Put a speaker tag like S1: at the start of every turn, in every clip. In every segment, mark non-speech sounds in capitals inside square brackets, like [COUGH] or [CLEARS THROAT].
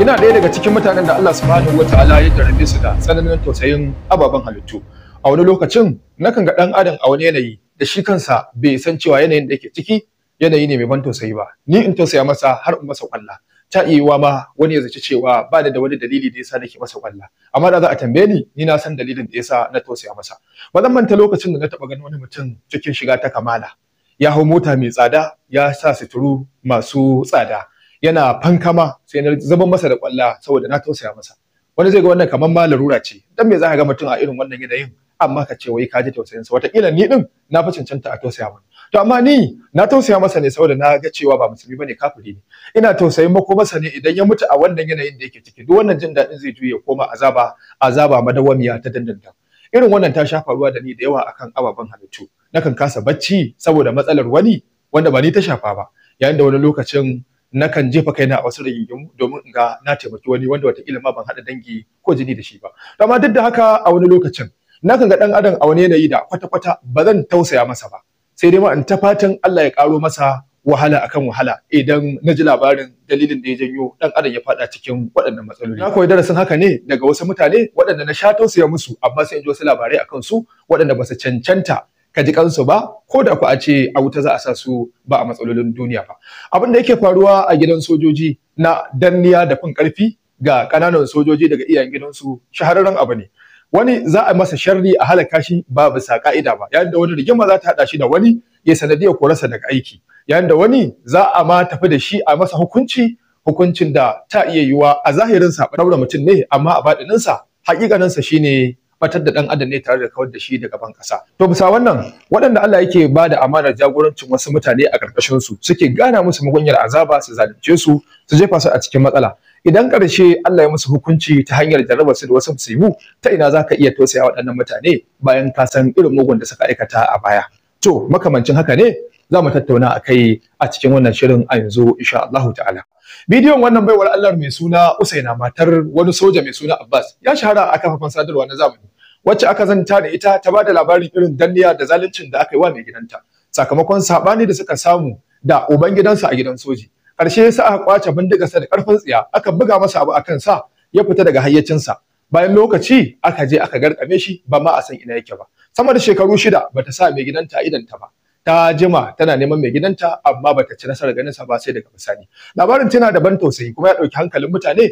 S1: ina ɗaya daga cikin mutanen da Allah subhanahu ta'ala ya jarabe su da tsananin tausayin ababen halittu a wani lokacin nakan ga ɗan adam a wani yanayi da shi kansa bai san cewa yanayin da yake ciki yanayi ne mai ban tausayi ba ni in tausaya masa har in masa kwalla ta iya ma wani ya zaci cewa ba da wani dalili da yasa nake masa kwalla amma da za a tambaye ni ni na san dalilin da yasa na tausaya masa ba zan manta lokacin da na taɓa ganin wani mutum cikin shiga ta kamala ya hau mota mai tsada ya sa suturu masu tsada yana fankama sai na zaban masa da kwalla saboda na tausaya masa wani zai ga wannan kamar ma larura ce dan me za ka ga mutum a irin wannan yanayin amma ka ce wai ka ji tausayin sa wataƙila ni din na fi cancanta a tausaya mun to amma ni na tausaya masa ne saboda na ga cewa ba musulmi bane kafiri ne ina tausayin mako masa ne idan ya mutu a wannan yanayin da yake ciki duk wannan jin daɗin zai juye koma azaba azaba madawamiya ta dandanta irin wannan ta sha faruwa da ni da yawa akan ababen halittu nakan kasa bacci saboda matsalar wani wanda ba ni ta shafa ba yayin da wani lokacin Na kan jefa kaina a wasu rigingimu domin in ga na taimaki wani wanda watakila ma ban haɗa dangi ko jini da shi ba amma duk da haka a wani lokacin na kan ga ɗan adam a wani yanayi da kwata-kwata ba zan tausaya masa ba sai dai ma in ta fatan Allah ya ƙaro masa wahala akan wahala idan na ji labarin dalilin da ya janyo ɗan adam ya fada cikin waɗannan matsaloli. Na koyi darasin haka ne daga wasu mutane waɗanda na sha tausaya musu amma sai in ji wasu labarai akan su waɗanda ba su cancanta ka ji kansu ba ko da ku a ce a wuta za a sa su ba a matsalolin duniya ba abin da yake faruwa a gidan sojoji na danniya da fin karfi ga kananan sojoji daga iyayen gidansu shahararren abu ne wani za a masa sharri a halaka shi ba bisa ka'ida ba yayin da wani rigima za ta hada shi da wani ya sanadiyar korarsa daga aiki yayin da wani za a ma tafi da shi a masa hukunci hukuncin da ta iya yiwa a zahirin sa daura mutum ne amma a baɗininsa sa hakikanin shine batar da dan adam ne tare da kawar da shi daga ban kasa to bisa wannan waɗanda Allah yake ba da amanar jagorancin wasu mutane a karkashin su suke gana musu mugunyar azaba su zalunce su su jefa su a cikin matsala idan ƙarshe Allah ya musu hukunci ta hanyar jarrabar su da wasu mu, ta ina za ka iya tausaya waɗannan mutane bayan ka san irin mugun da suka aikata a baya to makamancin haka ne za mu tattauna a kai a cikin wannan shirin a yanzu insha Allah ta'ala bidiyon wannan baiwar Allah mai suna Usaina matar wani soja mai suna Abbas ya shahara a kafafen sadarwa na zamani wacce aka zanta da ita ta bada labarin irin danniya da zaluncin da aka yi wa mai gidanta sakamakon sabani da suka samu da uban gidansa a gidan soji karshe sa aka kwace sa da karfin tsiya aka buga masa abu akan sa ya fita daga hayyacinsa bayan lokaci aka je aka garkame shi ba ma a san ina yake ba sama da shekaru shida bata sa mai gidanta ta ba ta jima tana neman mai gidanta amma bata ci nasarar ganin sa ba sai daga bisani labarin tana da ban tausayi kuma ya dauki hankalin mutane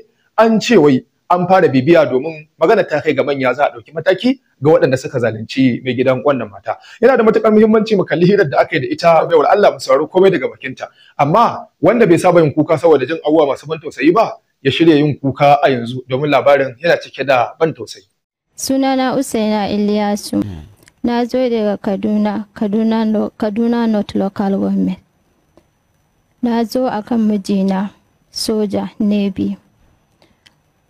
S1: an ce wai an fara bibiya domin magana ta kai ga manya za a dauki mataki ga waɗanda suka zalunci mai gidan wannan mata yana da matukar muhimmanci mu kalli hirar da aka yi da ita baiwar Allah mu sauraro komai daga bakinta amma wanda bai saba yin kuka saboda jin abuwa masu ban tausayi ba ya shirya yin kuka a yanzu domin labarin yana cike da ban tausayi
S2: sunana Usaina Iliyasu hmm. na zo daga kaduna kaduna, kaduna north local government na zo a kan mijina soja navy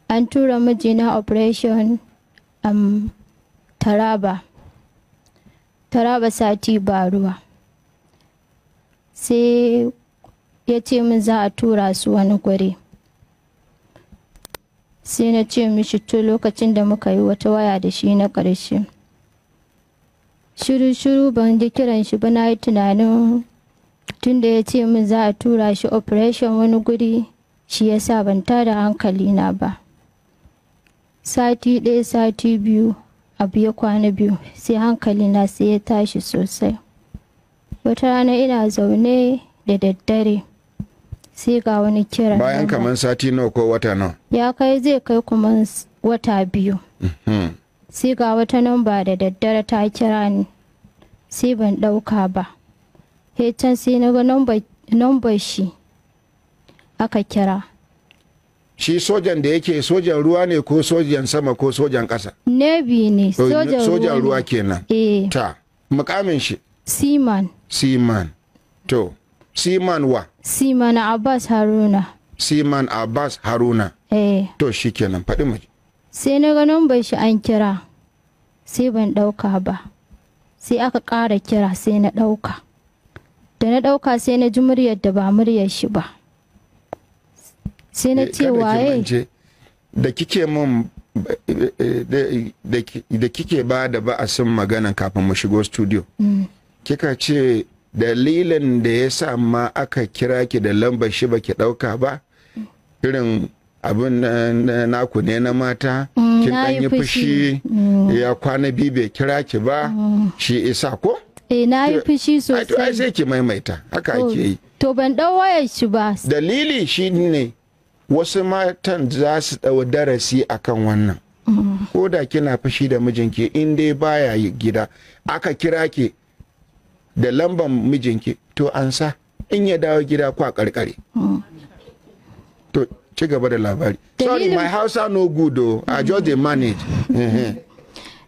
S2: an tura mijina operation um, taraba taraba sati ba ruwa sai ya ce min za a tura su wani guri sai na ce mishi tun lokacin da muka yi wata waya da shi na ƙarshe shiru-shiru ban ji kiran shi ba na yi tunanin tun da ya ce min za a tura shi operation wani guri shi ya sa ban tada hankali na ba sati ɗaya sati biyu abu ya kwana biyu sai hankali na sai ya tashi sosai wata rana ina zaune da daddare sai ga wani kira bayan kamar
S3: sati nawa ko wata nawa
S2: ya kai zai kai kuma wata biyu mhm. sai ga wata namba da daddare ta kira ni sai ban ɗauka ba can sai na ga nambar shi aka kira
S3: shi sojan da yake sojan ruwa ne ko sojan sama ko sojan ƙasa
S2: navy ne oh, sojan ruwa
S3: kenan eh. ta mukamin shi
S2: siman
S3: siman to siman wa
S2: siman abbas haruna
S3: siman abbas haruna eh. to shi kenan faɗi mu
S2: sai na ga numbar shi an kira sai ban ɗauka ba sai aka ƙara kira sai na ɗauka da na ɗauka sai na ji muryar da ba muryar shi ba
S3: sai na eh, ce waye da kike mun da kike ba da sun magana kafin mu shigo studio mm. kika ce dalilin da ya sa ma aka kira ki da lambar shi ba ki ɗauka ba mm. irin abin naku ne na mata mm, kin dan yi fushi mm. ya kwana biyu bai kira ki ba mm. shi isa ko
S2: eh na yi fushi
S3: sosai ai sai ki maimaita haka ake yi
S2: to ban dau wayar shi ba
S3: dalili shi ne wasu matan za su dau darasi akan wannan ko da kina fushi da mijinki in dai baya gida aka kira ki da lamban mijinki to an sa in ya dawo gida ko a karkare ci gaba da labari sorry my hausa no good oh i just dey manage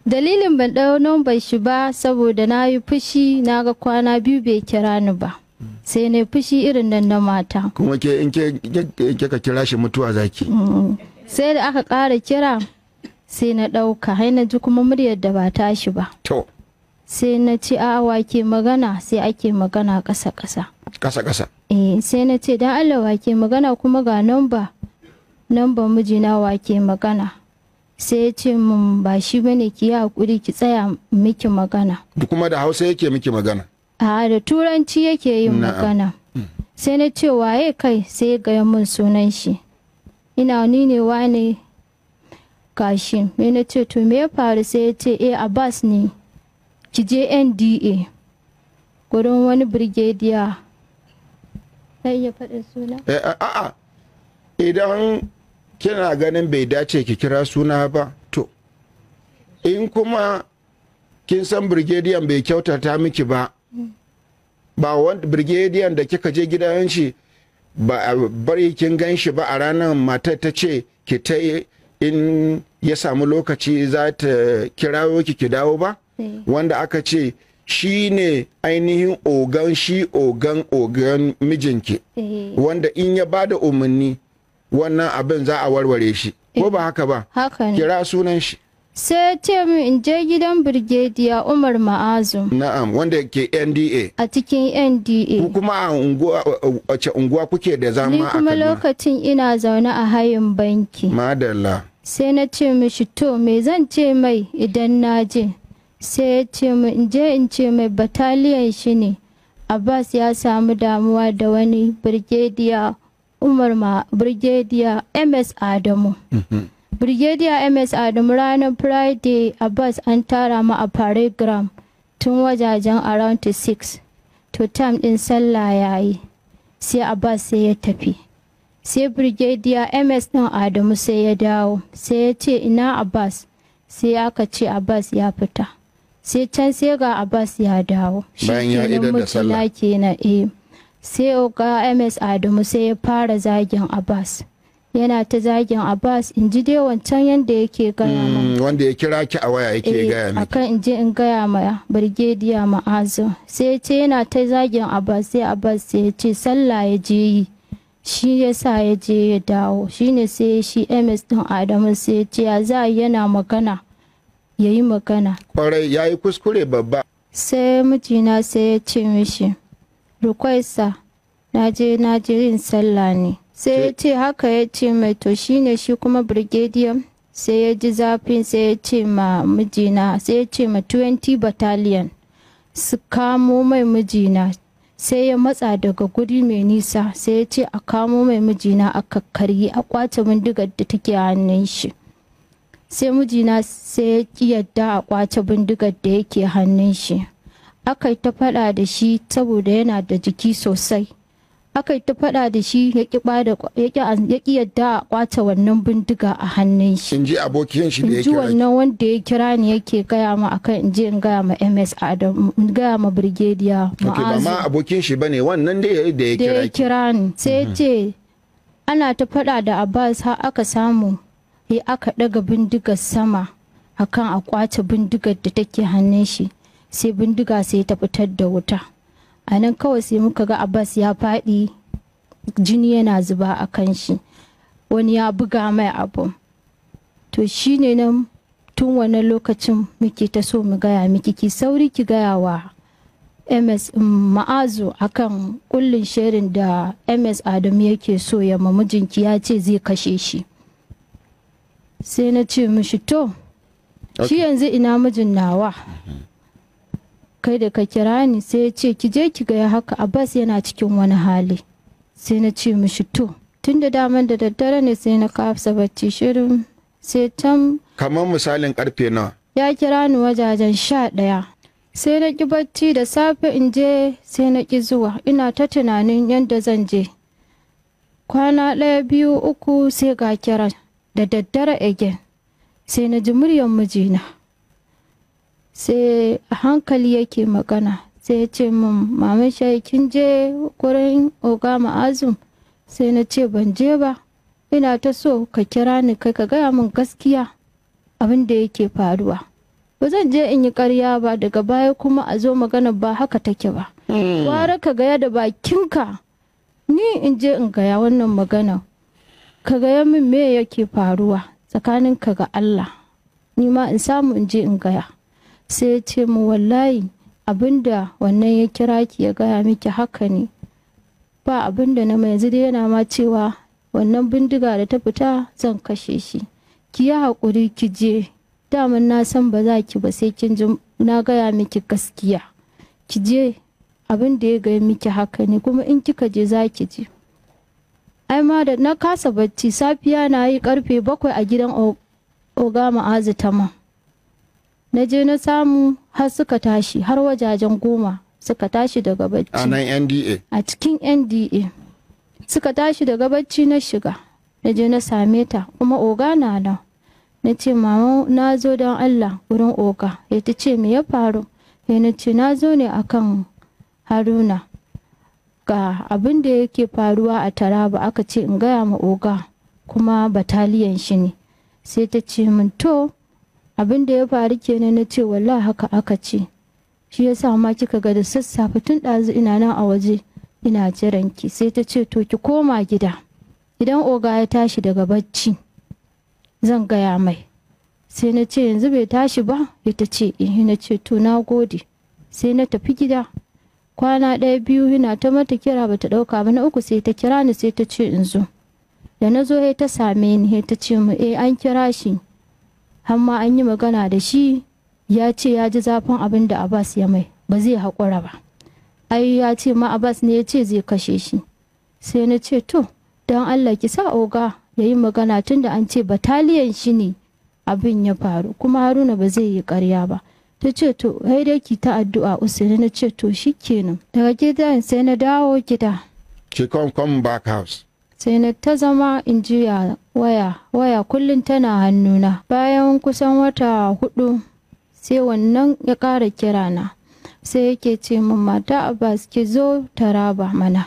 S2: dalilin ban ɗau numban shi ba saboda na yi fushi na ga kwana biyu bai kira ni ba sai na fushi irin nan na mata
S3: kuma ke in ke ka kira shi mutuwa zaki
S2: mm. sai da aka ƙara kira sai na ɗauka hai na ji kuma muryar da ba tashi ba to sai na ce a wake magana sai ake magana ƙasa ƙasa ƙasa ƙasa eh sai na ce dan Allah wake magana kuma ga namba namba mijina wake magana sai ya ce mun ba shi bane ki yi hakuri ki tsaya miki magana
S3: kuma da hausa yake miki magana
S2: a da turanci yake yin magana mm. sai na ce waye kai sai gaya mun sunan shi ina ni ne wane kashin? me na ce to me ya faru sai ya ce eh abbas ne ki je nda gurin wani brigadier sai ya suna
S3: a'a eh, idan kina ganin bai dace ki kira suna ba to in kuma kin san brigadier bai kyautata miki ba ba wani brigadier da kika je gidan shi ba bari kin gan shi ba a ranar matar ta ce ki ta in ya samu lokaci za ta kirawo ki ki dawo ba Mm. wanda aka ce shi ne ainihin ogan shi ogan ogan mijinki mm. wanda in ya ba da umarni wannan abin za a warware shi ko ba mm. haka ba kira sunan shi
S2: sai ce mu in je gidan birgediya umar ma'azu
S3: na'am wanda ke nda
S2: a cikin nda ku
S3: kuma a unguwa kuke da zama a kuma
S2: lokacin ina zaune a hayin banki
S3: madalla
S2: sai na ce mishi to me zan ce mai idan na je sai ya ce in je in ce mai bataliyan shi ne abbas ya samu damuwa da wani birgediya umar ma birgediya ms adamu mhm. birgediya ms adamu ranar friday abbas an tara ma a paragram tun wajajen around 6 to time din sallah ya yi sai abbas sai ya tafi sai birgediya ms din adamu sai ya dawo sai ya ce ina abbas sai aka ce abbas ya fita sai can sai ga abbas ya dawo
S3: bayan ya idan da sallah
S2: kenan eh sai ga ms adamu sai ya fara zagin abbas yana ta zagin abbas in ji dai wancan yadda yake gaya
S3: hmm, ma wanda ya kira ki a waya yake eh, gaya ma akan
S2: in ji in gaya ma birgediya ma'azu sai ya ce yana ta zagin abbas sai abbas sai ya ce sallah ya je yi shi ya sa ya je ya dawo shine sai shi ms din adamu sai ya ce ya za yana magana ya yi magana
S3: kwarai ya yi kuskure babba
S2: sai mijina sai ya ce mishi rukwaisa na je na yin sallah ne sai ya ce haka ya ce mai to shine shi kuma brigadier sai ya ji zafin sai ya ce ma mijina sai ya ce ma 20 battalion su kamo mai mijina sai ya matsa daga guri mai nisa sai ya ce a kamo mai mijina a kakkari a kwace bindigar da take hannun shi sai mijina sai ya ki yadda a kwace bindigar da yake hannun shi aka yi ta faɗa da shi saboda yana da jiki sosai aka yi ta faɗa da shi ya ki yadda a kwace wannan bindiga a hannun shi
S3: in ji abokin shi da ya kira
S2: wannan wanda ya kira ni yake gaya ma akan in je in gaya ma ms adam in gaya ma brigadier ma'azu ba ma
S3: abokin shi bane wannan da ya
S2: kira ni sai ya mhm. ce ana ta faɗa da abbas har aka samu sai aka ɗaga bindigar sama akan a kwace bindigar da take hannun shi sai bindiga sai ta fitar da wuta a nan kawai sai muka ga abbas ya faɗi jini yana zuba a kan shi wani ya buga mai abu to shine nan tun wannan lokacin muke ta so mu gaya miki ki sauri ki gaya wa ms um, ma'azu akan kullin shirin da ms adamu yake so ya mamijinki ya ce zai kashe shi sai na ce mishi to shi yanzu ina mijin nawa mm-hmm. kai da ka kira ni sai ya ce ki je ki gaya haka abbas yana cikin wani hali sai na ce mishi to tun da daman da daddare ne sai na kafsa bacci shirin sai can
S3: kamar misalin karfe na
S2: ya kira ni wajajen sha ɗaya sai na ki bacci da safe in je sai na ki zuwa ina ta tunanin yadda zan je kwana ɗaya biyu uku sai ga kiran da daddare again sai na ji muryar mijina sai a hankali yake magana sai ya ce min maman shayi kin je gurin oga ma'azum sai na ce ban je ba ina ta so ka kira ni kai ka gaya min gaskiya abin da yake faruwa ba zan je in yi karya ba daga baya kuma a zo magana ba haka take ba hmm. ware ka gaya da bakinka ni in je in gaya wannan magana ka gaya min me yake faruwa tsakanin ka ga Allah ni ma in samu in je in gaya sai ya ce mu wallahi abinda wannan ya kira ki ya gaya miki haka ne ba abinda na mai dai yana ma cewa wannan bindiga da ta fita zan kashe shi ki yi haƙuri ki je daman na san ba za ki ba sai kin ji na gaya miki gaskiya ki je abin da ya gaya miki haka ne kuma in kika je za ki je ai ma da na kasa bacci safiya na yi karfe bakwai a gidan oga ma'azu tama na je na samu har suka tashi har wajajen goma suka tashi daga bacci a cikin nda suka tashi daga bacci na shiga na je na same ta kuma oga na nan na ce mama na zo don allah wurin oga ya ta ce me ya faru ya na ce na zo ne akan haruna ga abin da yake faruwa a taraba aka ce in gaya ma oga kuma bataliyan shi ne sai ta ce min to abin da ya faru kenan na ce walla haka aka ce shi yasa ma kika ga da sassafe tun ɗazu ina nan a waje ina jiran ki sai ta ce to ki koma gida idan oga ya tashi daga bacci zan gaya mai sai na ce yanzu bai tashi ba ita ce eh na ce to na gode sai na tafi gida kwana ɗaya biyu yana ta mata kira bata ɗauka ba na uku sai ta kira ni sai ta ce in zo da na zo ta same ni ta ce mu eh an kira shi amma an yi magana da shi ya ce ya ji zafin abin da abbas ya mai ba zai haƙura ba ai ya ce ma abbas ne ya ce zai kashe shi sai na ce to don allah ki sa oga ya yi magana tun da an ce bataliyan shi ne abin ya faru kuma haruna ba zai yi karya ba ta ce to ai dai ki ta addu'a usaini na ce to shikenan daga gidan sai na dawo gida
S3: ki come come back house
S2: sai na ta zama in waya waya kullum tana hannuna bayan kusan wata hudu sai wannan ya ƙara kirana sai yake ce min mata abbas ki zo taraba mana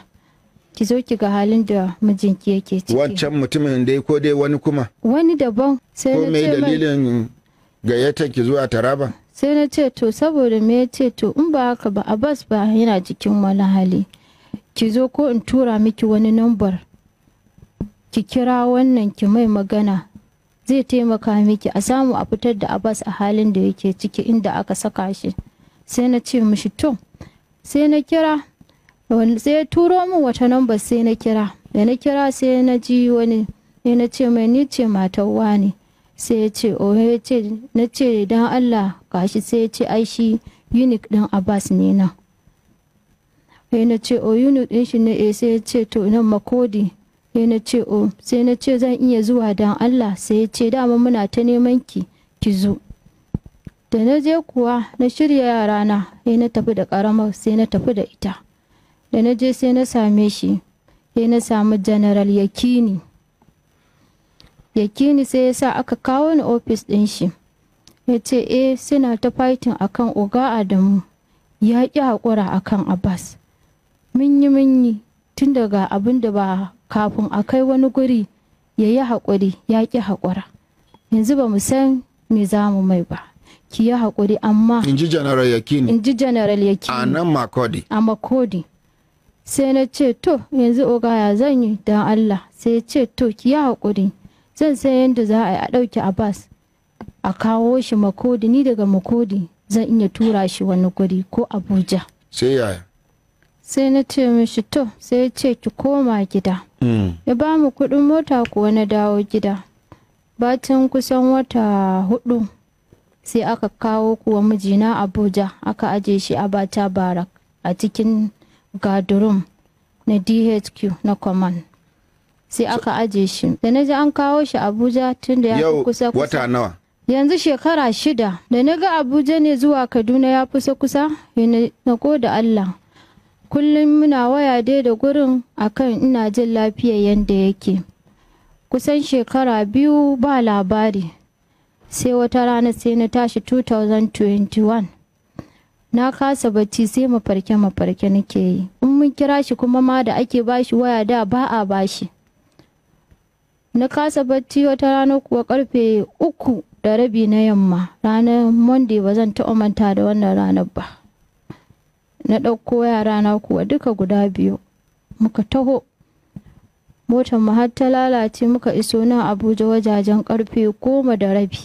S2: ki zo ki ga halin da mijinki yake
S3: ciki wancan mutumin dai ko dai wani kuma
S2: wani daban sai na ce mai dalilin
S3: gayyatar ki zuwa taraba
S2: sai na ce to saboda me ya ce to in ba haka ba a bas ba yana cikin wani hali ki zo ko in tura miki wani nambar ki kira wannan ki mai magana zai taimaka miki a samu a fitar da abbas a halin da yake ciki inda aka saka shi sai na ce mishi to sai na kira sai ya turo min wata nambar sai na kira da na kira sai na ji wani sai na ce mai ni ce matar ne sai ya ce na ce don allah gashi sai ya ce ai shi unique din abbas ne na sai na ce o unique din shi ne eh, sai ya ce to nan makodi sai na ce o sai na ce zan iya zuwa don allah sai ya ce dama muna ta neman ki ki zo da na je kuwa na shirya yarana sai na tafi da karamar sai na tafi da ita da na je sai na same shi sai na samu general yakini ya kini sai ya sa aka kawo ni ofis ɗin shi ya ce e eh, suna ta fighting akan oga adamu ya ƙi haƙura akan abbas mun yi tun daga abin da ba kafin a kai wani guri ya yi haƙuri ya ƙi haƙura yanzu ba mu san me za mu mai ba ki yi haƙuri amma
S3: in ji general yakini in
S2: ji general yakini a nan makodi a makodi sai na ce to yanzu oga ya zan yi don allah sai ya ce to ki yi haƙuri zan san yadda za a yi a ɗauki abbas a kawo shi makodi ni daga makodi zan iya tura shi wani guri ko abuja sai yaya sai na ce mishi to sai ya ce ki koma gida mm. ya ba mu kuɗin mota kuwa na dawo gida bacin kusan wata hudu sai aka kawo kuwa mijina abuja aka aje shi a bata barak a cikin gadurum na dhq na command sai aka aje shi da na ji an kawo shi abuja tun da ya kusa kusa yanzu shekara shida da na ga abuja ne zuwa kaduna ya kusa kusa na da allah kullum muna waya dai da gurin akan ina jin lafiya yadda yake kusan shekara biyu ba labari sai wata rana sai na tashi 2021 na kasa bacci sai mafarke mafarke nake yi in mun kira shi kuma ma da ake bashi waya da ba a bashi na kasa barci wata rana kuwa karfe uku da rabi na yamma ranar monday ba zan taɓa manta da wannan ranar ba na ɗauko yarana kuwa duka guda biyu muka taho motar mu har ta lalace muka iso nan abuja wajajen karfe goma da rabi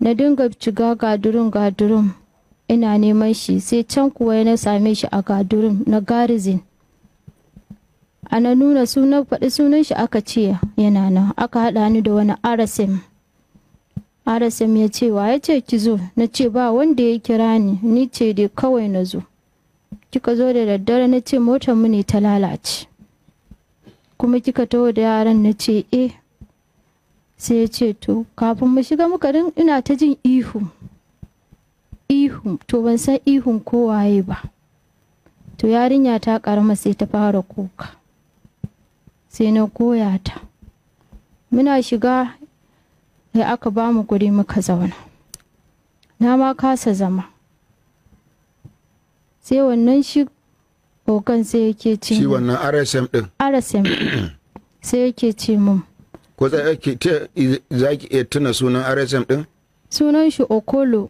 S2: na dinga ciga gadurin gadurin ina neman shi sai can kuwa na same shi a gadurin na garizin ana nuna sunan faɗi sunan shi aka ce yana nan aka haɗa ni da wani rsm rsm ya ce wa ya ce ki zo na ce ba wanda ya kira ni ni ce dai kawai na zo kika zo da daddare na ce motar mu ne ta lalace kuma kika taho da yaran na ce eh sai ya ce to kafin mu shiga muka rin ina ta jin ihu ihu to ban san ihun kowaye ba to yarinya ta karama sai ta fara kuka sai na koya ta muna shiga da aka ba mu guri muka zauna na ma kasa zama sai wannan shi kokan sai yake ce shi
S3: wannan rsm din
S2: rsm [CLEARS THROAT] sai yake ce mun
S3: ko za ki iya tuna sunan rsm din
S2: sunan shi okolo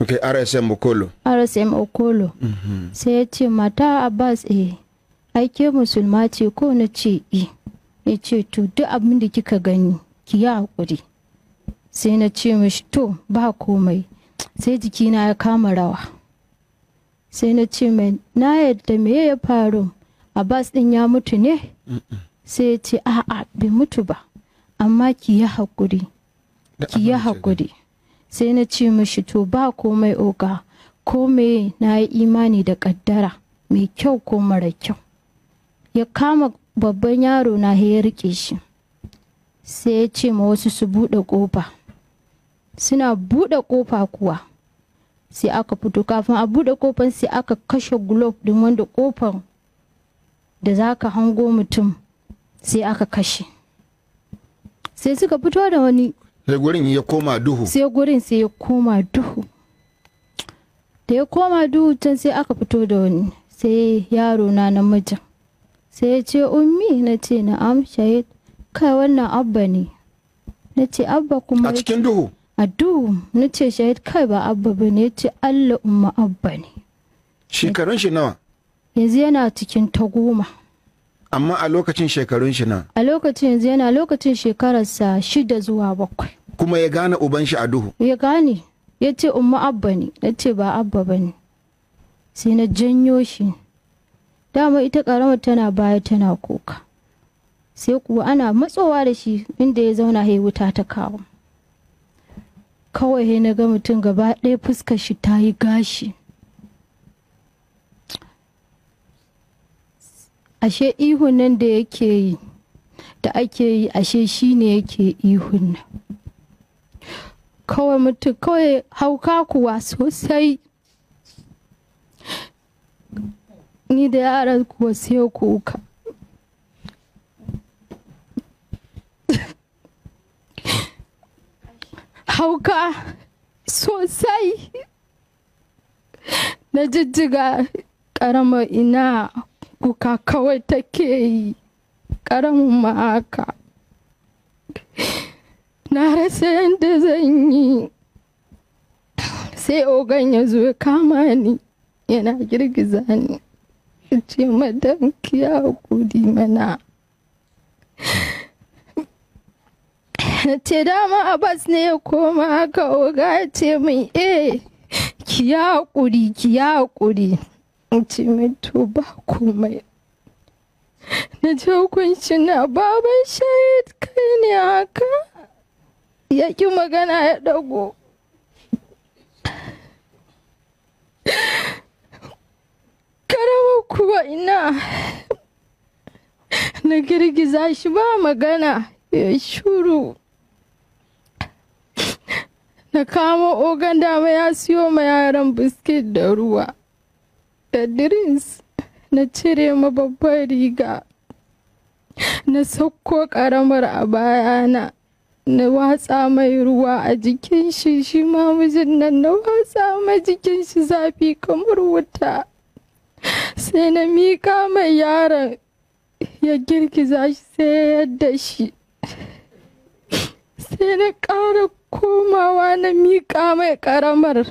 S3: ok rsm okolo
S2: rsm okolo mhm. sai ya ce mata abbas eh aike musulma ce ko na ce eh ya ce to duk abin da kika gani ki yi hakuri sai na ce mishi to ba komai sai jikina ya kama rawa sai na ce mai na yadda me ya faru abbas din ya mutu ne sai ya ce a'a bai mutu ba amma ki yi haƙuri ki yi hakuri sai na ce mishi to ba komai oga komai na yi imani da ƙaddara mai kyau ko mara kyau ya kama babban yaro na ya rike shi sai ya ce ma wasu su buɗe ƙofa suna buɗe ƙofa kuwa sai aka fito kafin a buɗe ƙofar sai aka kashe gulob din wanda ƙofar da za ka hango mutum sai aka kashe sai suka fito da wani
S3: sai gurin ya koma duhu sai
S2: gurin sai ya koma duhu da ya koma duhu can sai aka fito da wani sai yaro na namijin sai ya ce ummi na ce na'am shahid kai wannan abba ne na ce abba kuma a cikin duhu a duhu na ce shahid kai ba abba ba ne ya ce allah umma abba ne
S3: shekarun shi nawa
S2: yanzu yana cikin ta goma
S3: amma a lokacin shekarun shi na
S2: a lokacin yanzu yana lokacin shekararsa shida zuwa bakwai
S3: kuma ya gane uban shi a duhu
S2: ya gane ya ce umma abba ne na ce ba abba ba ne sai na janyo shi dama ita karamar tana baya tana kuka sai kuwa ana matsowa da shi inda ya zauna ya wuta ta kawo kawai he na ga mutum gaba ɗaya fuskar shi ta yi gashi ashe ihun nan da yake yi da ake yi ashe shi ne yake ihun nan kawai mutum kawai hauka kuwa sosai ni da yaran kuwa sai kuka hauka sosai na jijjiga ƙaramar ina kuka kawai take yi karamin ma'aka na rasa yadda zan yi sai ogan ya zo kama ni yana girgiza ni ce madan ki hakuri mana ce dama abbas ne ya koma aka, oga ce min eh ki hakuri ki hakuri ce min to ba komai na je hukuncin na baban shahid kai ne haka ya ki magana ya dago karawa kuwa ina na girgiza shi ba magana ya shuru na kama ogan dama ya siyo ma yaran biskit da ruwa da drinks na cire ma babbar riga na sauko karamar a bayana na watsa mai ruwa a jikin shi shi ma mijin nan na watsa ma jikin shi zafi kamar wuta sai na mika mai yaron ya girgiza shi sai ya yadda shi sai na ƙara komawa na mika mai ƙaramar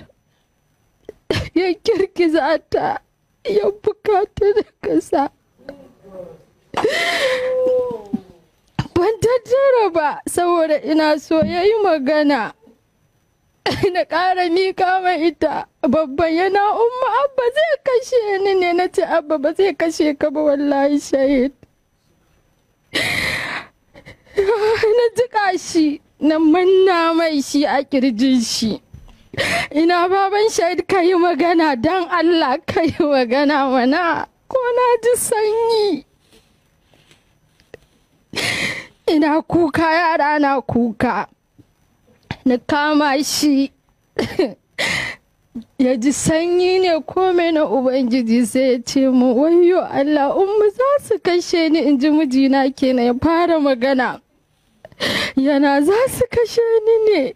S2: ya girgiza ta ya bukata da ƙasa ban tattara ba saboda ina so ya yi magana [LAUGHS] na ƙara mika ma ita babban yana umma abba zai kashe ni ne na ce abba ba zai kashe ka ba wallahi shahid [LAUGHS] na jika shi na manna mai shi a kirjin shi ina baban shahid ka yi magana don allah ka yi magana mana ko na ji sanyi [LAUGHS] ina kuka yara na kuka na kama shi ya ji sanyi ne kome na ubangiji sai ya ce mu wayo Allah umma za su kashe ni in ji mijina kenan ya fara magana yana za su kashe ni ne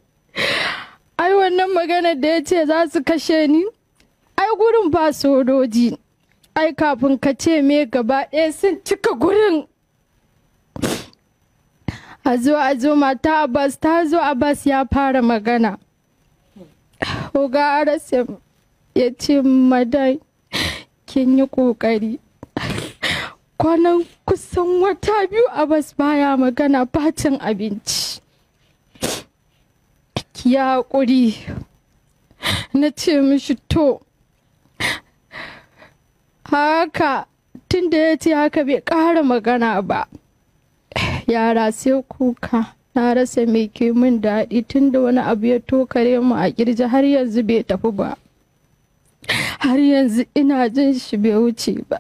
S2: ai wannan magana da ya ce za su kashe ni ai gurin ba sojoji ai kafin ka ce me gaba ɗaya sun cika gurin a zo a zo mata abbas ta zo abbas ya fara magana oga arasim ya ce madai kin yi kokari kwanan kusan wata biyu abbas baya magana facin abinci ya kuri na ce mishi to haka tunda da ya ce haka bai ƙara magana ba yara sai kuka na rasa mai ke min daɗi tun da wani abu ya tokare mu a kirji har yanzu bai tafi ba har yanzu ina jin shi bai wuce ba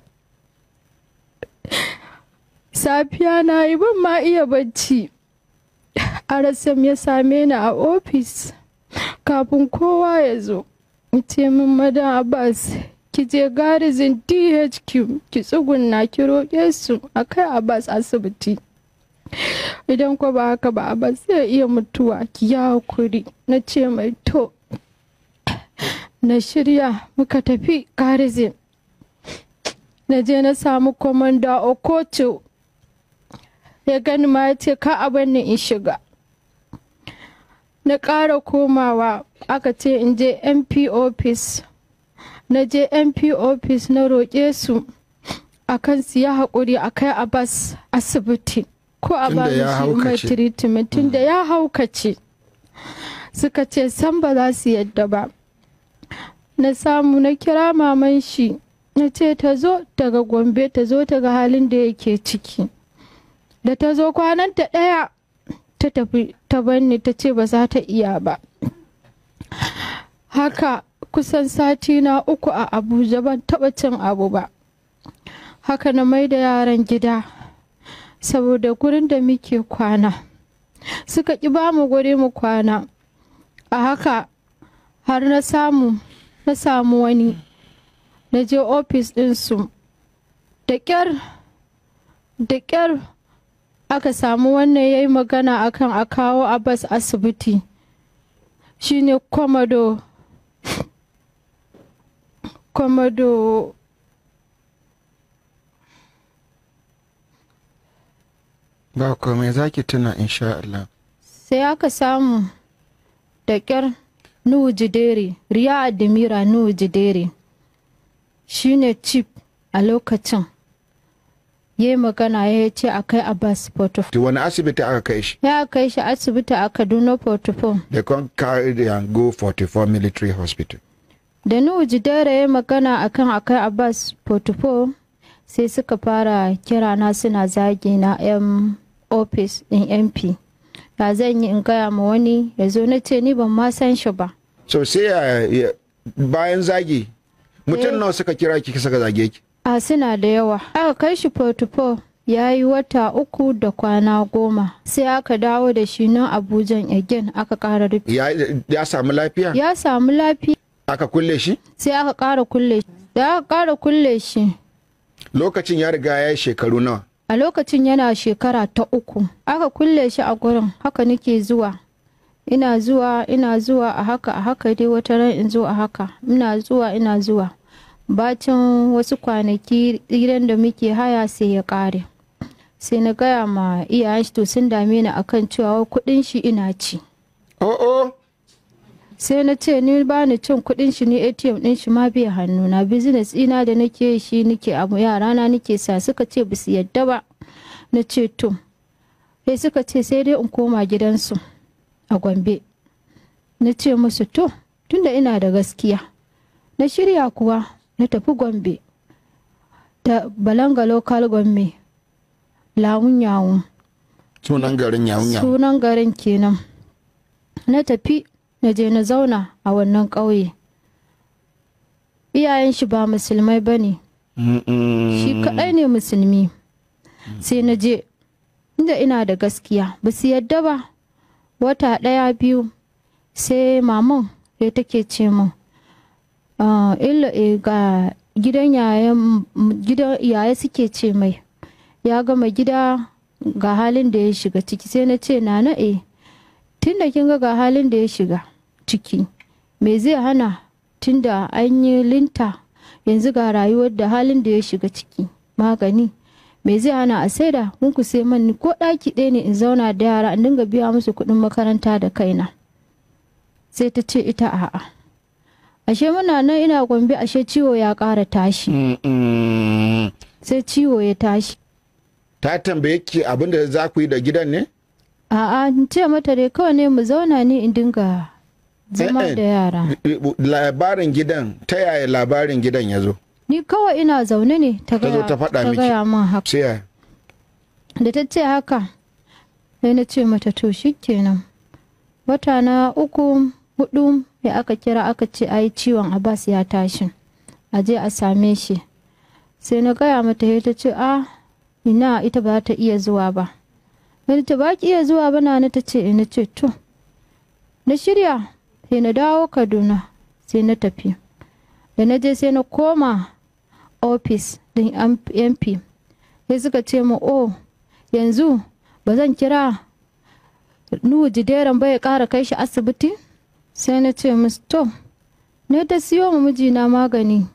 S2: safiya na yi ban ma iya bacci rasa ya same ni a ofis kafin kowa ya zo ce min madan abbas ki je garizin dhq ki tsugunna ki roƙe su a kai abbas asibiti idan ko ba haka ba ba zai iya mutuwa ki ya hakuri na ce mai to na shirya muka tafi karize na je na samu komanda okoto ya gani ma ya ce ka abin in shiga na ƙara komawa aka ce in je mp office na je mp office na roƙe su akan su ya haƙuri a kai a bas asibiti ko a ba shi mai treatment da mm. ya haukace suka ce san ba za su yadda ba na samu na kira maman shi na ce ta zo daga gombe ta zo daga halin da yake ciki da ta zo kwananta ɗaya ta tafi ta banni ta ce ba za ta iya ba haka kusan sati na uku a abuja ban taɓa cin abu ba haka na mai da yaran gida saboda gurin da muke kwana suka ƙi ba mu guri mu kwana a haka har na samu na samu wani na je ofis ɗinsu da ƙyar da ƙyar aka samu wannan ya yi magana akan a kawo abbas asibiti shine kwamado kwamado
S3: ba komai za ki tuna insha Allah
S2: sai aka samu da ƙyar nuhu jidere riya admira nuhu jidere ne chief a lokacin ya yi magana ya ce a kai abbas portofo
S3: wani asibiti aka kai shi
S2: ya kai shi asibiti a kaduna portofo
S3: da kan carry the go 44 military hospital
S2: da nuhu jidere ya yi magana a kan akai abbas portofo sai suka fara kirana suna na yan ofis din mp Ba zan yi in gaya ma wani ya zo na ce ni ban ma san shi ba
S3: so sai bayan zagi mutum eh. nawa suka kira ki suka zage ki
S2: a suna da yawa aka kai shi portfolio ya yi wata uku da kwana goma sai aka dawo da shi nan abuja again aka kara rufe
S3: ya samu lafiya
S2: ya samu lafiya
S3: aka kulle shi
S2: sai aka kara kulle shi da aka kara kulle shi
S3: lokacin ya riga ya yi shekaru nawa
S2: a lokacin yana shekara ta uku aka kulle shi a gurin haka nake zuwa ina zuwa ina zuwa a haka a haka dai wata ran in zo a haka ina zuwa ina zuwa bacin wasu kwanaki idan da muke haya sai ya kare sai na gaya ma iyayen shi to sun dame ni akan cewa kuɗin shi ina ci oh, oh. sai na ce ni ba ni cin kuɗin shi ni atm ɗin shi ma bai hannu na business ina da nake shi nake abu yara na nake sa suka ce bisu yadda ba na ce to sai suka ce sai dai in koma gidansu a gombe na ce musu to tunda ina da gaskiya na shirya kuwa na tafi gombe ta balanga local gombe lawun yawun
S3: sunan garin yawun yawun
S2: sunan garin kenan na tafi na je na zauna a wannan ƙauye iyayen shi ba musulmai ba ne shi kaɗai ne musulmi sai na je inda ina da gaskiya ba su yadda ba wata ɗaya biyu sai maman ya take ce min ah, illa eh, ga gidan yaya suke ce mai ya gama gida ga halin da ya shiga ciki sai na ce na na'e eh, tun da kin ga halin da ya shiga ciki me zai hana tunda an yi linta yanzu ga rayuwar da halin da ya shiga ciki magani me zai hana a saida mun ku sai man ko ɗaki ɗaya ne in zauna da yara in dinga biya musu kuɗin makaranta da kaina sai ta ce ita a'a ashe muna nan ina gombe ashe ciwo ya ƙara tashi sai ciwo ya tashi
S3: ta tambaye ki abin da za ku yi da gidan ne
S2: a'a ce mata dai kawai ne mu zauna ne in dinga
S3: zama eh, eh, da yara eh, labarin gidan ta yaya labarin gidan ya zo
S2: ni kawai ina zaune ne ta gaya min haka da ta ce haka sai na ce mata to shi kenan wata na uku hudu ya aka kira aka ce ai ciwon abbas ya tashi a je a same shi sai na gaya mata ya ta ce a ina ita ba ta iya zuwa ba ta baki iya zuwa ba na ta ce ina ce to na shirya sai na dawo kaduna sai na tafi da na je sai na koma ofis din mp sai suka ce mu o oh, yanzu ba zan kira nuhu jideran ba ya kara kai shi asibiti sai na ce musu to ne ta siyo ma mijina magani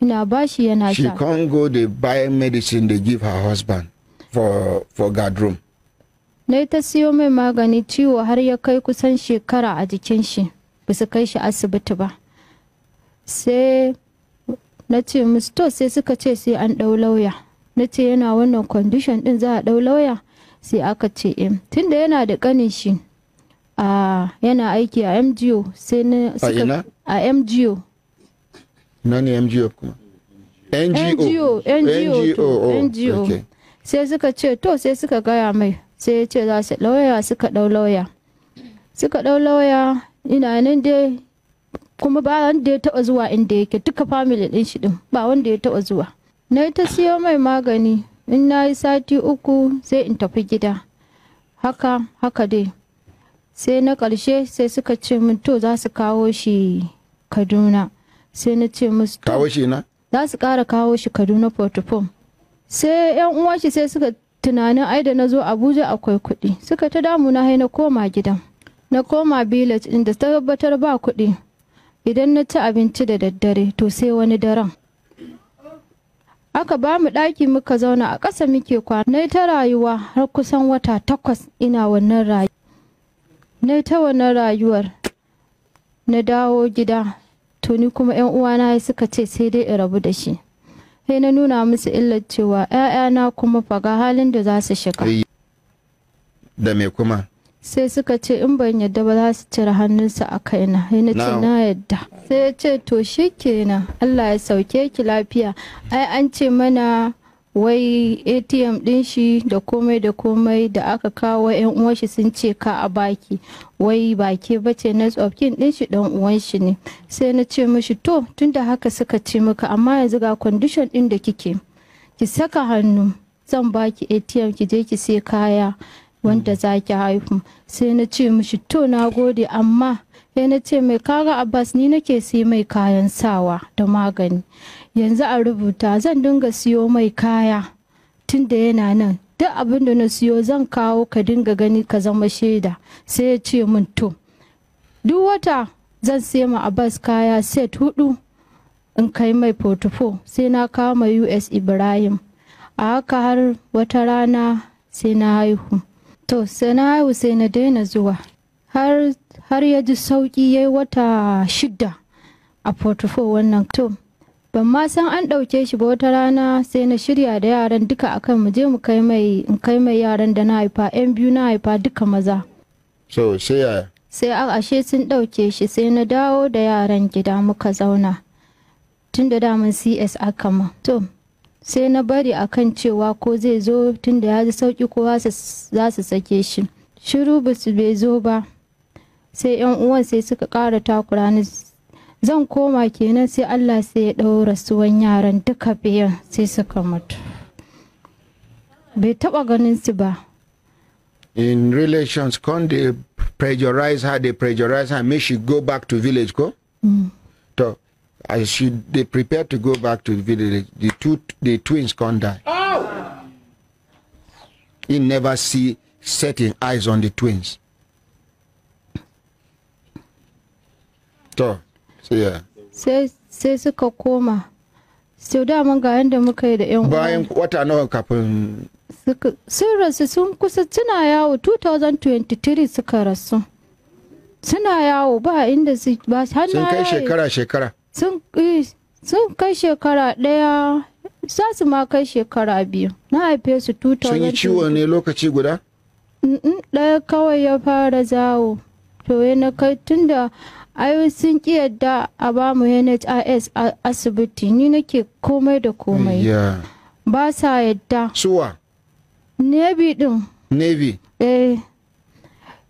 S2: ina bashi yana sha she
S3: can't go the buy medicine they give her husband for for guard room
S2: ne ta siyo mai magani ciwo har ya kai kusan shekara a jikin shi ba su kai shi asibiti ba sai na ce musu to sai suka ce sai an ɗau lauya na ce yana wannan condition ɗin za a ɗau lauya sai aka ce em eh. da yana da ƙanin shi a yana aiki a mgo sai na a mgo
S3: na ne mgo kuma ngo ngo ngo oh,
S2: sai suka ce to sai suka gaya mai sai ya ce za su lauya suka ɗau lauya suka ɗau lauya ina nan dai kuma ba wanda ya taba zuwa inda yake duka family din shi din ba wanda ya taba zuwa na ta siyo mai magani in na yi sati uku sai in tafi gida haka haka dai sai na ƙarshe sai suka ce min to za su kawo shi kaduna sai na ce musu kawo shi na za su ƙara kawo shi kaduna portofom sai yan uwa shi sai suka tunanin ai da na zo abuja akwai kuɗi suka ta damu na na koma gidan na koma village ɗin da tabbatar ba kuɗi idan na ci abinci da daddare to sai wani daren aka ba mu ɗaki muka zauna a ƙasa muke kwana na ta rayuwa har kusan wata takwas ina wannan rayuwa na ta wannan rayuwar na dawo gida to ni kuma yan uwana ya suka ce sai dai in rabu da shi sai na nuna musu illar cewa 'ya'yana kuma faga halin da za su shiga
S3: da me kuma
S2: sai suka ce in ban yadda ba za su cire hannunsa a kaina ya na ce na yadda sai ya ce to shi kenan allah ya sauke ki lafiya ai an ce mana wai atm din shi da komai da komai da aka kawo yan uwan shi sun ce ka a baki wai baki bace na tsofkin din shi dan uwan shi ne sai na ce mishi to tunda haka suka ce maka amma yanzu ga condition din da kike ki saka hannu zan baki atm ki je ki sai kaya wanda za ki haihu sai na ce mishi to na gode amma sai na ce mai kaga abbas ni nake sai mai kayan sawa da magani yanzu a rubuta zan dinga siyo mai kaya tun da yana nan duk abin da na siyo zan kawo ka dinga gani ka zama shaida sai ya ce min to duk wata zan sai ma abbas kaya set hudu in kai mai fotofo sai na kama us ibrahim a haka har wata rana sai na haihu to sai na haihu sai na daina zuwa har ya ji sauki ya wata shida a portofo wannan to ban ma san an ɗauke shi ba wata rana sai na shirya da yaran duka akan mu je mu kai mai yaran da na haifa yan biyu na haifa duka maza
S3: so sai ya
S2: sai a ashe sun ɗauke shi sai na dawo da yaran gida muka zauna tun da daman cs aka ma to sai na bari a kan cewa ko zai zo tun da ya ji sauki ko za su sake shi shiru ba su bai zo ba sai yan uwan sai suka ƙara takura ni zan koma kenan sai allah sai ya ɗaura suwan yaran duka biyan sai suka mutu bai taɓa ganin su ba
S3: in relations con they pressurize her they pressurize her make she go back to village ko mm. as she they prepare to go back to the village, the two the twins can't die. Oh! He never see setting eyes on the twins. So, so yeah.
S2: Sai sai suka koma. Sau mun ga yadda muka yi da 'yan uwa. Bayan
S3: wata nawa kafin.
S2: Sun rasu sun kusa suna yawo 2023 suka rasu. Suna yawo ba inda su ba. Sun kai shekara shekara. sun kai shekara ɗaya za su ma kai shekara biyu na haife su tuta sun yi ciwo ne
S3: lokaci guda
S2: ɗaya kawai ya fara zawo to na kai tunda ayo sun ki yadda a ba mu nhis a asibiti ni nake komai da komai ba sa yadda suwa navy din navy eh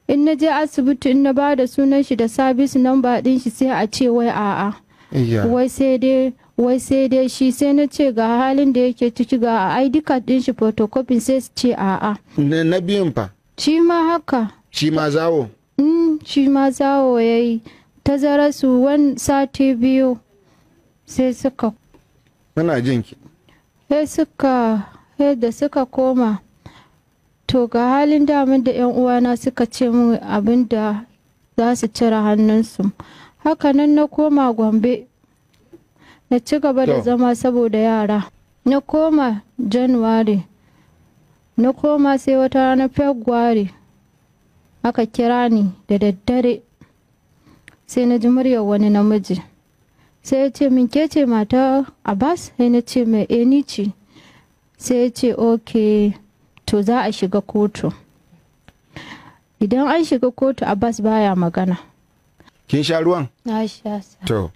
S2: in na je asibiti in na ba da sunan shi da sabis namba din shi sai a ce wai a'a Eh, wai sai dai wai sai dai shi sai na ce ga halin da yake ciki ga id card din shi photocopy sai su ce a'a
S3: na biyun fa
S2: shi ma haka
S3: shi ma zawo
S2: mm, shi ma zawo ya yi tazara su wani sati biyu sai suka muna jinki sai suka da suka koma to ga halin damar da 'yan uwana suka ce min abin da za su cire hannunsu hakanan na koma gombe na ci gaba da zama saboda yara na koma januwari na koma sai wata rana february aka kira ni da daddare sai na ji muryar wani namiji sai ya ce min ke ce mata abbas sai na ce mai eni eh, sai ya ce ok to za a shiga kotu idan an shiga kotu a abbas baya magana kin sha ruwan na sha
S3: to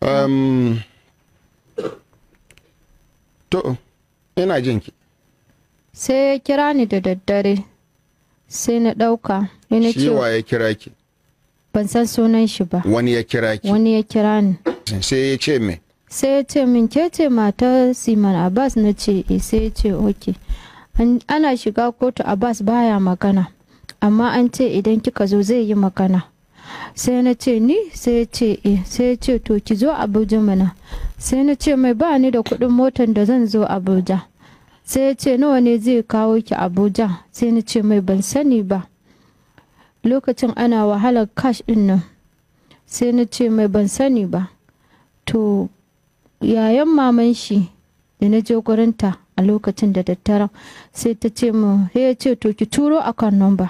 S3: um, to ina jin ki
S2: sai ya kira ni da daddare sai na ɗauka ina ce wa ya kira ki ban san sunan shi ba
S3: wani ya kira ki
S2: wani ya kira ni
S3: sai ya ce me
S2: sai ya ce min ke ce mata siman abbas na ce e, sai ya ce oke ana shiga kotu abbas baya magana amma an ce idan kika zo zai yi magana sai na ce ni sai ya ce e sai ya ce to ki zo abuja mana sai na ce mai ba ni da kuɗin motar da zan zo abuja sai ya ce nawa ne zai kawo ki abuja sai na ce mai ban sani ba lokacin ana wahalar cash din nan sai na ce mai ban sani ba to yayan maman shi da na je gurinta a lokacin da tattara sai ta ce mu sai ya ce to ki turo akan number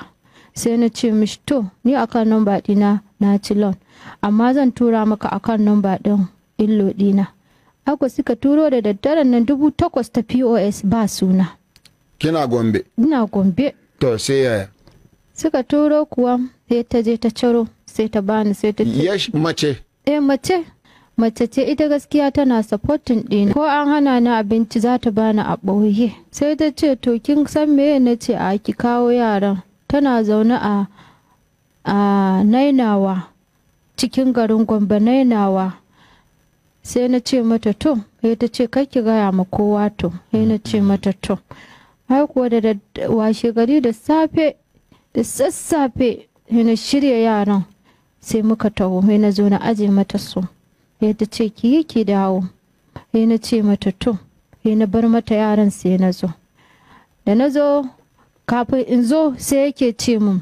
S2: sai na ce mishi to ni akan nomba dina na ci loan amma zan tura maka akan nomba din illo dina ako suka turo da daddaren nan dubu takwas ta pos ba suna
S3: kina gombe
S2: ina gombe
S3: to sai yaya
S2: suka turo kuwa sai ta je ta ciro sai ta bani sai ta
S3: yes mace
S2: eh mace mace ce ita gaskiya tana supporting ɗina ko an hana ni abinci za ta bani a ɓoye sai ta ce to kin san meye na ce a ki kawo yaran tana zaune a nainawa cikin garin gwamba nainawa sai na ce mata to ya ta ce kai gaya ma kowa to sai na ce mm-hmm. mata to Ai kuwa da washe gari da safe da sassafe sai na shirya yaran sai muka taho sai na zo na aje mata su ya ta ce ki yi ki dawo sai na ce mata to sai na bar mata yaran sai na zo da na zo kafin in zo sai yake ce mun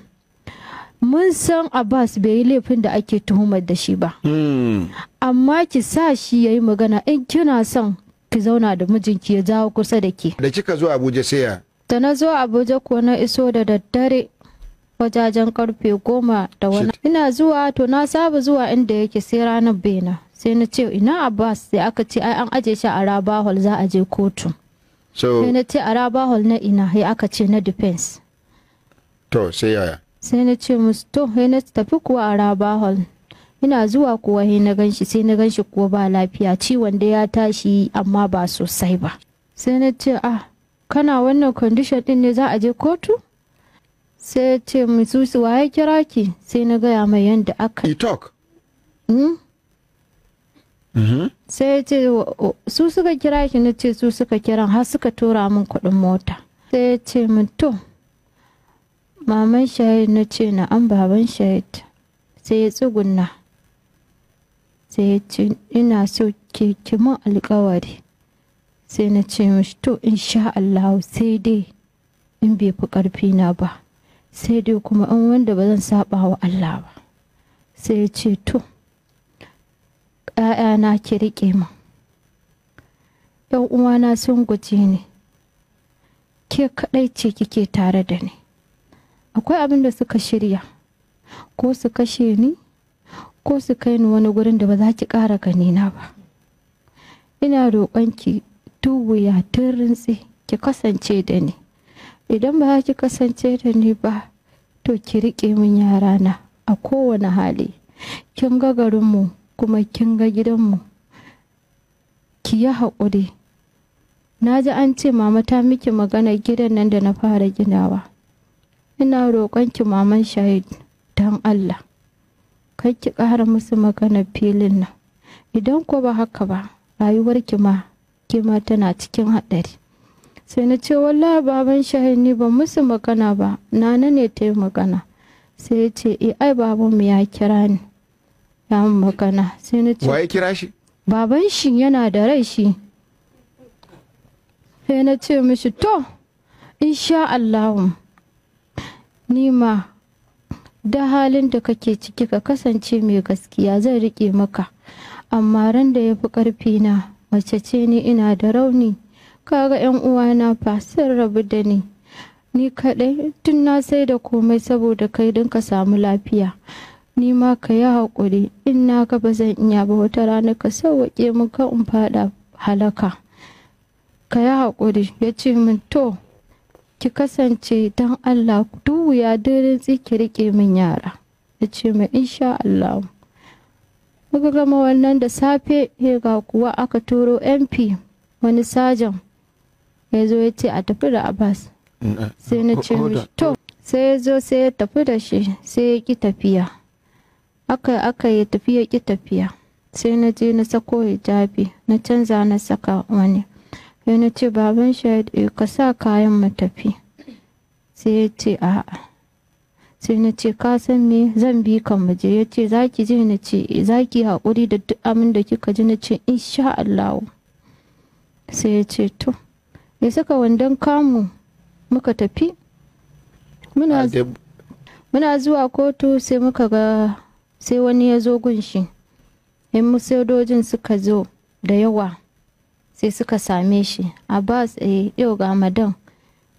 S2: mun san abbas bai yi laifin da ake tuhumar da shi ba hmm. amma ki sa shi ya yi magana in kina son ki zauna da mijinki ya jawo kusa da
S3: ke da kika zo abuja sai ya
S2: da na zo abuja kuwa na iso da daddare wajajen karfe goma da wani ina zuwa to na saba zuwa inda yake sai ranar bena sai na ce ina abbas sai aka ce ai an aje shi a raba hall za a je kotu so sai na ce araba hall na ina ya aka ce na defense
S3: to sai yaya
S2: sai na ce musu to sai na tafi kuwa araba hall ina zuwa kuwa sai na ganshi sai na ganshi kuwa ba lafiya ciwon da ya tashi amma ba sosai ba sai na ce ah kana wannan condition din ne za a je kotu sai ce musu waye kira ki sai na gaya mai yadda
S3: aka e talk
S2: mm? sai ya ce su suka kira shi na ce su suka kira har suka tura min kuɗin mota sai ya ce min to maman shahid na ce na an baban shahid sai ya tsugunna sai ya ce ina so ke kima alkawari sai na ce mashi to insha Allah sai dai in bai fi ƙarfi na ba sai dai kuma in wanda ba zan saba wa Allah ba sai ya ce to ‘ya'yana ki riƙe min ‘yan uwana sun guje ni ke kaɗai ce kike tare da ni akwai abin da suka shirya ko su kashe ni ko su kai ni wani gurin da ba za ki ƙara na ba ina roƙonki tuwuya tun rintsi ki kasance da ni idan ba ki kasance da ni ba to ki riƙe min yarana a kowane hali kin ga mu. kuma kin ga gidanmu ki yi haƙuri na ji an ce mama ta miki magana gidan nan da na fara ginawa ina roƙon ki maman shahid don allah kar ki ƙara musu magana filin nan idan ko ba haka ba rayuwar ki ma ki ma tana cikin haɗari sai na ce wallahi baban shahid ni ba musu magana ba na ne ta yi magana sai ya ce eh, ai babanmu ya kira ni ya min magana sai na
S3: ce waye kira shi
S2: baban shi yana da rai shi sai na ce mishi to insha Allahu nima da halin da kake ciki ka kasance mai gaskiya zan rike maka amma ran da ya fi ƙarfi na mace ce ni ina da rauni kaga yan uwana fa sun rabu da ni ni kaɗai tun na sai da komai saboda kai don ka samu lafiya ni ma ka yi haƙuri in naka ba zan iya ba wata rana ka sauwaƙe min ka in faɗa halaka ka yi haƙuri ya ce min to ki kasance don Allah duhu ya duk ki riƙe min yara ya ce min insha Allah muka gama wannan da safe ga kuwa aka turo mp wani sajan ya zo ya ce a tafi da abbas mm, eh, sai na ce to sai ya zo sai ya tafi da shi sai ya ki tafiya aka aka yi tafiya ki tafiya sai na je na sako hijabi na canza na saka wani sai na ce baban shahid eh ka sa kayan mu tafi sai ya ce a'a sai na ce ka san me zan bi ka mu je ya ce za ki je na ce eh, za ki haƙuri da duk amin da kika ji na ce insha Allah sai ya ce to ya saka wandon kamu muka tafi
S3: muna
S2: zuwa kotu sai muka ga sai wani ya zo gunshi in musaudojin suka zo da yawa sai suka same shi abbas tsaye eh, yau ga madan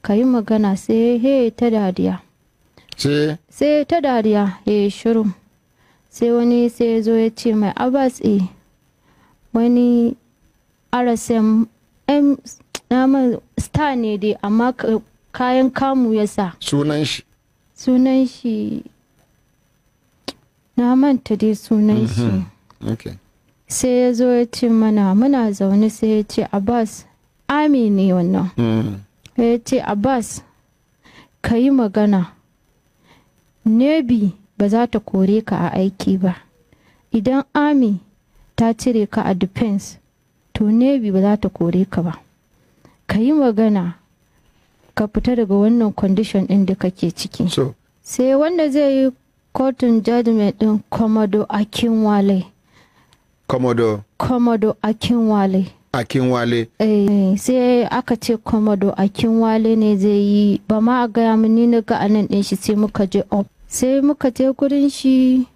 S2: ka yi magana sai he ta dariya sai ta dariya ya yi shiru sai wani sai ya zo ya ce mai abbas e wani rsm m naman star ne dai amma kayan kamu ya sa
S3: sunan shi
S2: sunan shi na manta dai sunan shi
S3: mm-hmm.
S2: sai ya zo ya ce mana muna zaune sai ya ce abbas ami ne wannan mm-hmm. ya ce abbas ka yi magana nebi ba za ta kore ka a aiki ba idan ami ta cire ka a defense to nebi ba za ta kore ka ba ka yi magana ka fita daga wannan condition ɗin da kake ciki sai wanda zai yi kotun judgment ɗin komodo akinwale komodo komodo akinwale
S3: akinwale
S2: eh sai aka ce komodo akinwale ne zai yi ba ma a gaya mu ni na ga anan din shi sai muka je op sai muka je gurin shi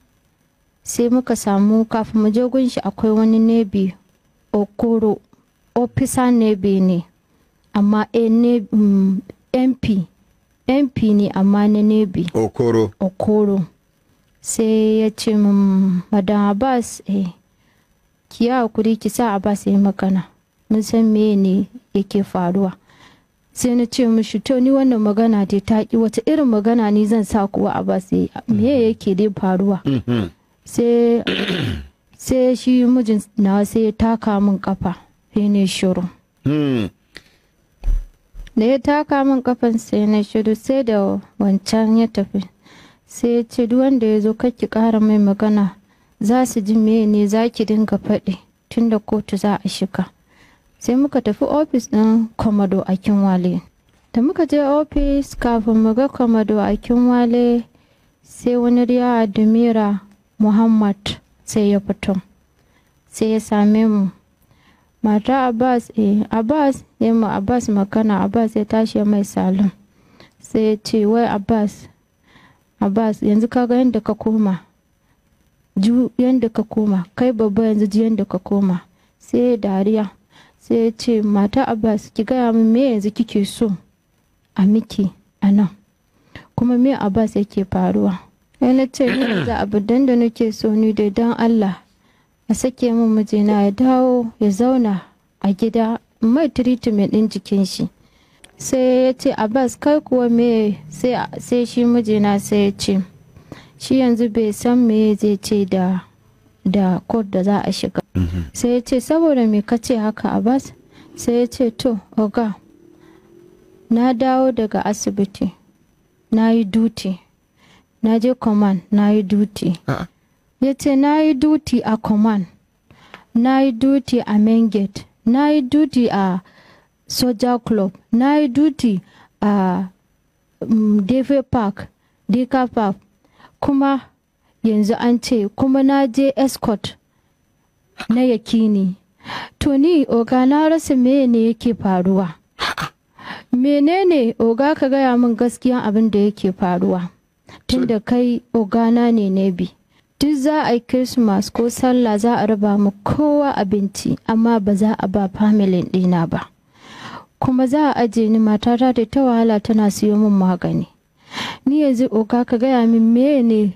S2: sai muka samu kafin mu je gurin shi akwai wani nebi okoro ofisa nebi ne amma a eh, ne mp mm, mp ne amma na nebi okoro okoro sai ya ce min madan abbas eh ki yi hakuri ki sa abbas ya magana mun san me ne yake faruwa sai na ce mishi to ni wannan magana dai ta ki wata irin magana ni zan sa kuwa abbas ya yi me mm-hmm. yake dai faruwa mm-hmm. sai sai shi mijin na sai ya taka min kafa sai ne shiru hmm. da ya taka min kafan sai na shiru sai da wancan ya tafi sai ya ce duk wanda ya zo ki kara mai magana za su ji me ne za ki dinga faɗi tun da kotu za a shiga sai muka tafi ofis ɗin kwamado a kinwale da muka je ofis kafin mu ga kwamado a kinwale sai wani riya dumira muhammad sai ya fito sai ya same mu mata abbas e abbas ya ma abbas magana abbas ya tashi mai salon sai ya ce wai abbas abbas yanzu kaga yadda ka koma ju yadda ka koma kai babba yanzu ji yadda ka koma sai dariya sai ya ce mata abbas ki gaya min me yanzu kike so a miki a nan kuma me abbas yake faruwa yana ce ni da abudan da nake so ni da dan allah a sake min mijina ya dawo ya zauna a gida mai treatment din jikin shi sai ya ce abbas kai kuwa me sai shi mijina sai ya ce shi yanzu bai san me zai ce da da kod da za a shiga mhm. sai ya ce saboda me ka ce haka abbas sai ya ce to oga na dawo daga asibiti na yi duti na je command na yi duti ya ce na yi duti a command na yi duti a main gate na yi duti a soja club na yi duty a mm, deve park deka park kuma yanzu an ce kuma na je escort na yakini to ni oga na rasa mene yake faruwa menene oga ka gaya min gaskiya abin da yake faruwa tunda kai ogana ne na bi duk za a yi Christmas ko sallah za a raba mu kowa abinci amma ba za a ba family ɗina ba kuma za a aje ni matata da ta wahala tana siyo min magani ni yanzu oga ka gaya min meye ne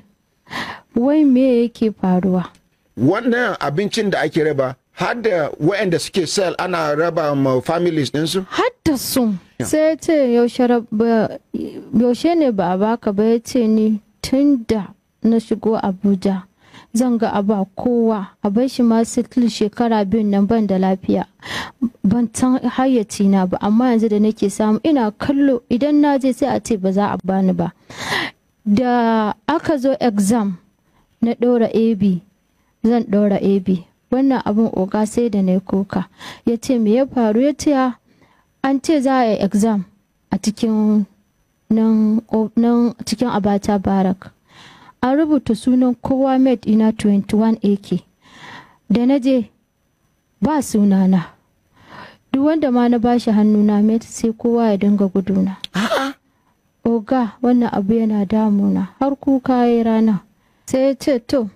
S2: wai me yake faruwa
S3: wannan abincin da ake raba har da wa'anda suke sell ana raba ma families ɗinsu? har da
S2: su sai ce yaushe ne ba a baka ba ya ce ni tun da na shigo abuja zan ga ba kowa a bai shi ma sitil shekara biyun nan ban da lafiya ban san hayyaci na ba amma yanzu da nake samu ina kallo idan na je sai a ce ba za a bani ba da aka zo exam na ɗora ab zan ɗora ab wannan abin oga sai da na kuka ya ce me ya faru ya ce ah, an ce za a yi exam a cikin nan cikin abata barak an rubuta sunan kowa mate ina 21 ak da na je ba sunana duk wanda ma na bashi hannuna mate sai kowa ya dinga guduna oga wannan abu yana damuna har kuka ya rana sai ce to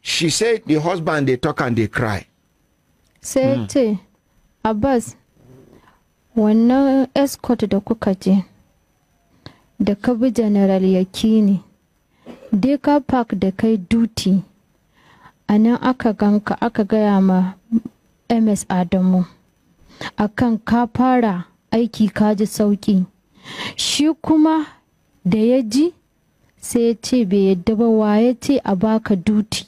S3: she said the husband they talk and they cry
S2: sai hmm. ce abbas wannan escort da kuka je da kabi general yakini deka park da kai duti a nan aka ganka aka gaya ma ms adamu akan ka fara aiki kaji sauki shi kuma da ya ji sai ya ce bai yadda ba wa ya ce a baka duti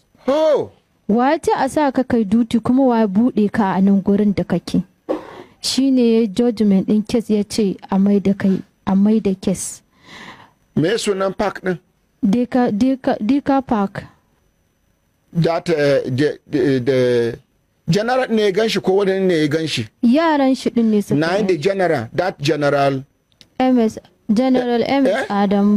S2: wa ya ce a sa ka kai duti kuma wa buɗe ka a nan gurin da kake shine ne ya judgment ɗin kes ya ce a mai da kes
S3: me sunan park ɗin
S2: Deka, Deka, Deka Park.
S3: That, uh, de de the general ne gan shi ko wani ne gan shi?
S2: Yaran shi din ne suka nine
S3: the general, that general.
S2: MS, general eh, MS eh? Adamu.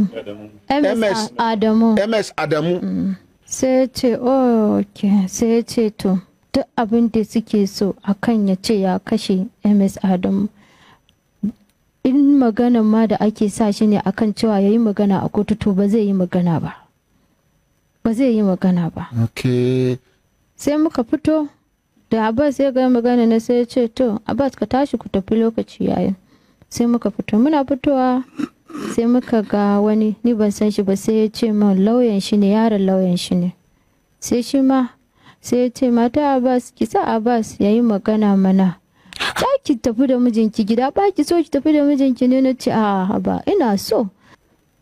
S2: MS Adamu. MS
S3: Adamu. mm.
S2: Sai ce, oh, ok, sai ce to, duk abin da suke so akan ya ce ya kashe MS Adamu. in magana ma da ake sa shi ne akan cewa ya yi magana a kotu to ba zai yi magana ba ba zai yi magana ba sai muka fito da abbas ya ga magana na sai ya ce to abbas ka tashi ku tafi lokaci yayin sai muka fito muna fitowa sai muka ga wani ni ban san shi ba sai ya ce min lauyan shi ne yaron lauyan shi ne sai shi ma sai ya ce mata abbas ki sa abbas ya yi magana mana za ki tafi da mijinki gida ba ki so ki tafi da mijinki ne na ce a ba ina so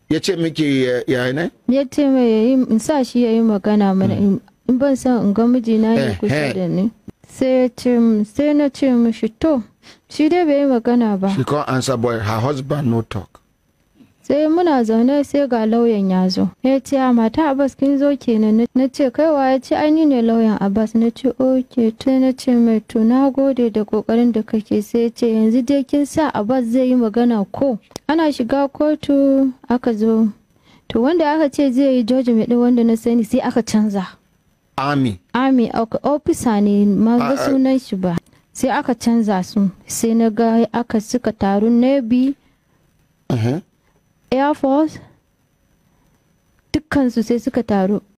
S3: ya ce miki ya ne
S2: ya ce mai in sa shi ya yi magana mana hmm. in ban san in ga mijina ne eh, kusa eh. da ni sai na ce mishi to shi dai bai yi magana ba
S3: she can't answer boy her husband no talk
S2: sai muna zaune sai ga lauyan ya zo ya ce a mata abbas kin zo kenan na ce kaiwa ya ce ai ne lauyan abbas na ce oke tun na ce mai tuna gode da kokarin da kake sai ya ce yanzu dai kin sa abbas zai yi magana ko ana shiga kotu aka zo to wanda aka ce zai yi mai ɗin wanda na sani sai aka canza ami ami ofisa ne ma ga sunan shi ba sai aka canza su sai na ga aka suka taru na Air Force dukkansu sai suka taru